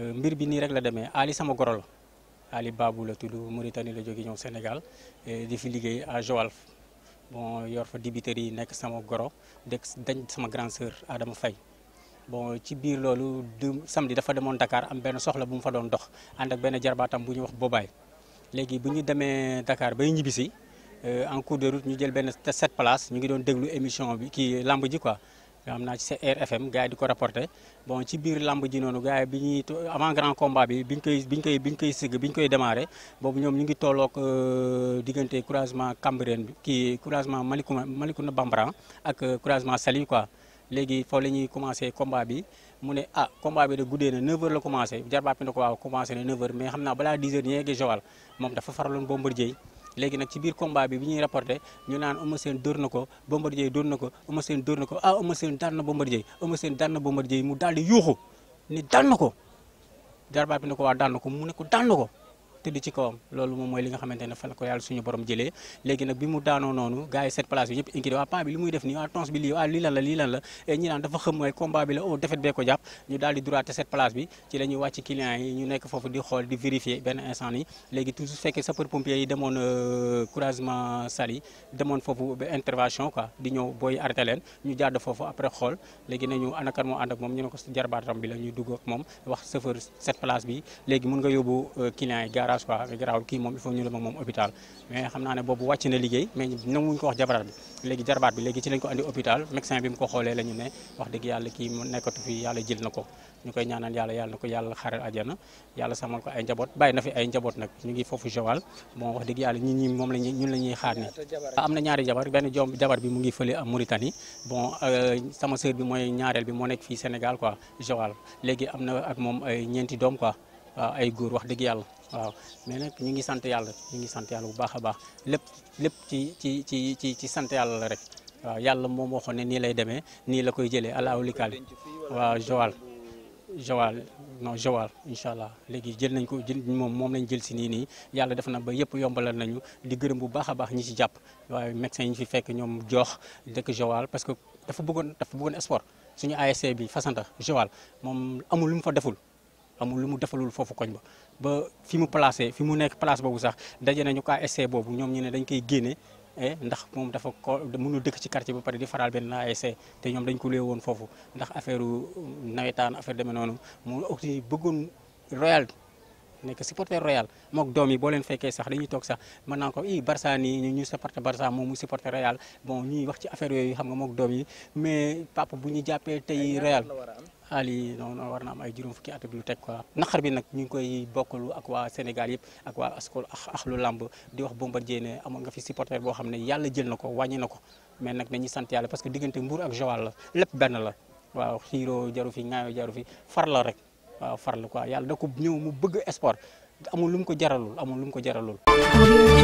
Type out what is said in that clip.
mbir bi ni rek la démé Ali sama gorol Ali Babou la tudd Mauritanie la jogi ñëw Sénégal eh, di fi liggéey à joalf bon yor fa dibiteri yi nek sama goro dek dañ sama grand sœur Adama fay bon ci bir lolu samedi dafa demoon Dakar am ben soxla bu mu fa doon dox and ak ben jarbatam bu ñu wax bobay légui bu ñu démé Dakar bay ñibisi eh, en cours de route ñu jël ben 7 place ñu ngi doon déglu émission bi ki lamb ji quoi nga xam naa ci RFM gars yi di ko rapporté bon ci biir lamb ji noonu gaay yi bi ñuy avant grand combat bi biñ koy biñ koy biñ koy sëgg biñ koy démarré bobu ñom ñu ngi tolok euh, diggante croisement Cambérène ki kii croisement Malicouna Malicouna Bambara ak euh, croisement Saly quoi légui foofu la ñuy commencé combat bi mu ne ah combat bi da guddee na 9h la commencé jarba bi na waaw commencé na 9h mais xamna bala 10h ñu yeggee Joal moom dafa faraloon Bombardier léegi nag ci biir combat bi bi ñuy rapporté ñu naan Eumeu seen dóor na ko Bombardier dóor na ko Eumeu Sène dóor na ko ah Eumeu Sène daan na Bombardier Eumeu Sène daan na Bombardier mu daal di yuuxu ne daan na ko jarbaat bi ko waa daan na ko mu ne ko daan na ko tëdd ci kawam loolu moom mooy li nga xamante ne fa la ko yàlla suñu borom jëlee léegi nag bi mu daanoo noonu gars yi sept place bi ñëpp inquiété waa paa bi li muy def nii waa tons bi lii la ñu dugg ak moom wax chauffeur sept place bi léegi mun nga yóbbu euh, clients yi garage quoi mais garaawul kii moom il faut ñu la ma moom hôpital mais xam naa ne boobu wàcc na liggéey mais nanguwuñ ko am na ñaari jabar benn jabar bi mu ngi fële am Mauritanie bon euh, sama sœur bi mooy ñaareel bi moo nekk fii Sénégal quoi Joal léegi am na ak moom ay ñeenti doom quoi waaw ay góor wax dëgg yàlla waaw mais nag ñu ngi sant yàlla ñu ngi sant yàlla bu baax a baax lépp lépp ci ci ci ci ci sant yàlla la rek waaw yàlla moom waxoon ne nii lay demee nii la koy jëlee ala awlikaal waaw Joal Joal non Joal incha allah léegi jël nañ ko jël moom moom lañ jël si nii nii yàlla def na ba yëpp yombalal nañu di gërëm bu baax a baax ñi ci jàpp waaye médecin yi ñu fi fekk ñoom jox dëkk Joal parce que dafa bëggoon dafa bëggoon sport suñu ASC bi Fassanta Joal moom amul lu mu fa deful amul lu mu defalul foofu koñ ba ba fi mu placé fi mu nekk place boobu sax daje nañu kaa essai boobu ñoom ñu ne dañ koy génne eh, ndax moom dafa ko mënul dëkk ci quartier ba pare di faral benn ASC te ñoom dañ ko lée woon foofu ndax affaire nawetaan affaire demee noonu mu aussi bëggoon royal nekk supporter Real mook doom yi boo leen fekkee sax dañuy toog sax mën naa ko i Barça nii ñu ñu supporter Barça moom mu supporter Real bon ñuy wax ci affaire yooyu xam nga mook doom yi mais papa bu ñu jàppee tey war na am ay juróom fukki at lu teg quoi naqar bi nag ñu ngi koy bokkalu ak waa Sénégal yëpp ak waa askol ak lu làmb di wax Bombardier jéene amoon nga fi supporter boo xam ne yàlla jël na ko wàññi na ko mais nag dañuy sant yàlla parce que diggante Mbour ak Joal la lépp benn la waaw xiiroo jaru fi ŋaayoo jaru fi far la rek waaw farlu quoi yàlla da ko ñëw mu bëgg esport amul lu mu ko jaralul amul lu mu ko jaralul